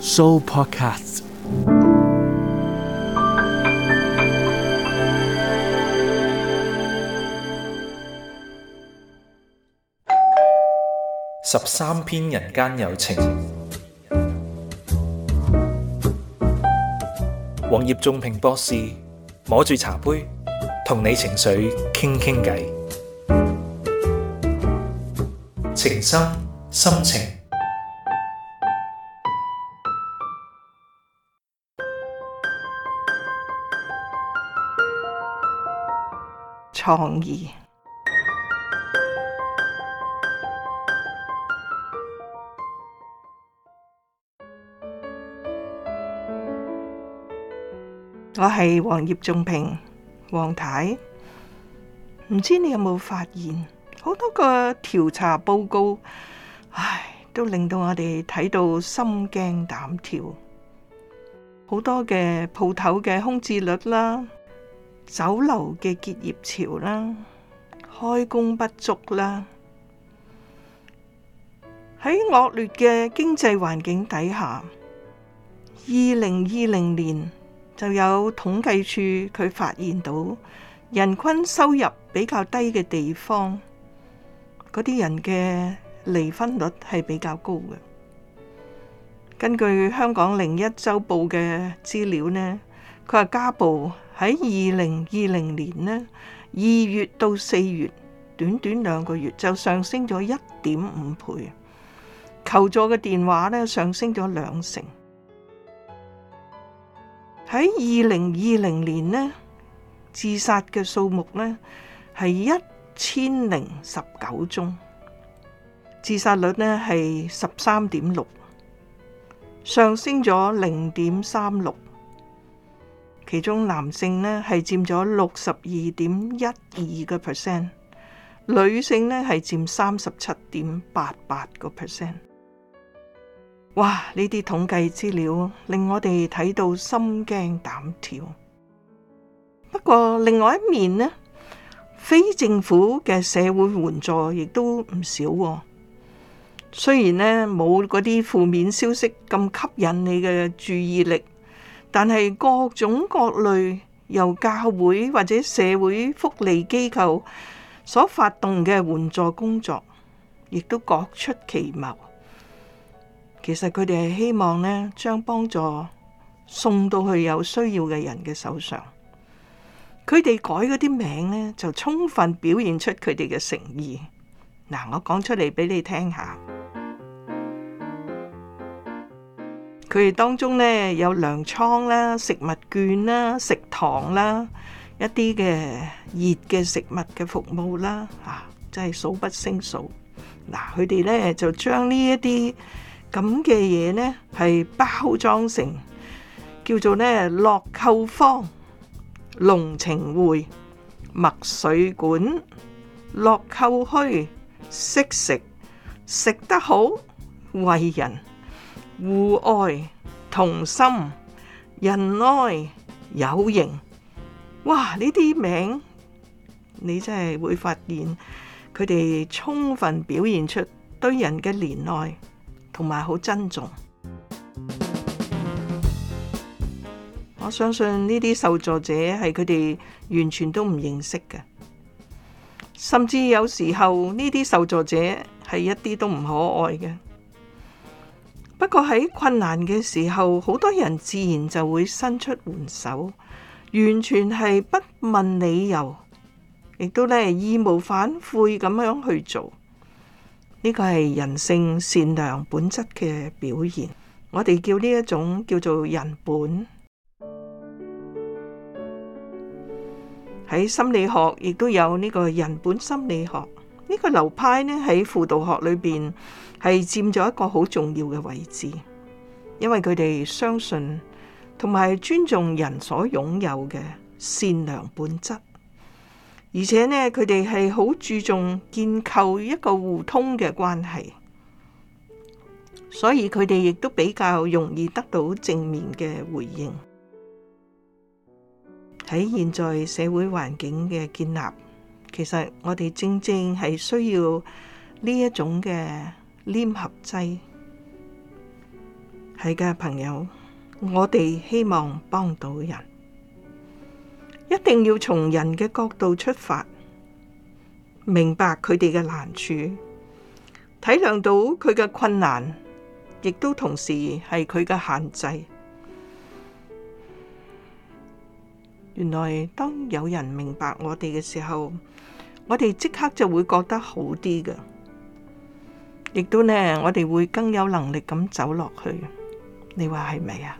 Show podcast。十三篇人間有情，黃葉仲平博士摸住茶杯，同你情緒傾傾偈，情深深情。 我係黃葉仲平，黃太，唔知你有冇發現，好多個調查報告，唉，都令到我哋睇到心驚膽跳，好多嘅鋪頭嘅空置率啦。酒樓嘅結業潮啦，開工不足啦，喺惡劣嘅經濟環境底下，二零二零年就有統計處佢發現到，人均收入比較低嘅地方，嗰啲人嘅離婚率係比較高嘅。根據香港01周報嘅資料呢，佢話家暴。喺二零二零年呢，二月到四月短短兩個月就上升咗一點五倍，求助嘅電話咧上升咗兩成。喺二零二零年呢，自殺嘅數目咧係一千零十九宗，自殺率咧係十三點六，上升咗零點三六。其中男性呢係佔咗六十二點一二個 percent，女性呢係佔三十七點八八個 percent。哇！呢啲統計資料令我哋睇到心驚膽跳。不過另外一面呢，非政府嘅社會援助亦都唔少喎。雖然呢，冇嗰啲負面消息咁吸引你嘅注意力。但係各種各類由教會或者社會福利機構所發動嘅援助工作，亦都各出奇謀。其實佢哋係希望呢，將幫助送到去有需要嘅人嘅手上。佢哋改嗰啲名呢，就充分表現出佢哋嘅誠意。嗱，我講出嚟俾你聽下。佢哋當中呢有糧倉啦、食物券啦、食堂啦、一啲嘅熱嘅食物嘅服務啦，啊，真係數不勝數。嗱，佢哋呢就將呢一啲咁嘅嘢呢係包裝成叫做呢樂購坊、龍情匯、墨水館、樂購墟，識食食得好，為人。互愛、同心、仁愛、友迎，哇！呢啲名你真係會發現佢哋充分表現出對人嘅憐愛同埋好珍重。我相信呢啲受助者係佢哋完全都唔認識嘅，甚至有時候呢啲受助者係一啲都唔可愛嘅。喺困難嘅時候，好多人自然就會伸出援手，完全係不問理由，亦都咧義無反悔咁樣去做。呢個係人性善良本質嘅表現，我哋叫呢一種叫做人本。喺心理學亦都有呢個人本心理學。呢個流派呢，喺輔導學裏邊係佔咗一個好重要嘅位置，因為佢哋相信同埋尊重人所擁有嘅善良本質，而且呢，佢哋係好注重建構一個互通嘅關係，所以佢哋亦都比較容易得到正面嘅回應，喺現在社會環境嘅建立。其實我哋正正係需要呢一種嘅黏合劑。係嘅，朋友，我哋希望幫到人，一定要從人嘅角度出發，明白佢哋嘅難處，體諒到佢嘅困難，亦都同時係佢嘅限制。原來當有人明白我哋嘅時候，我哋即刻就會覺得好啲嘅，亦都呢，我哋會更有能力咁走落去。你話係咪啊？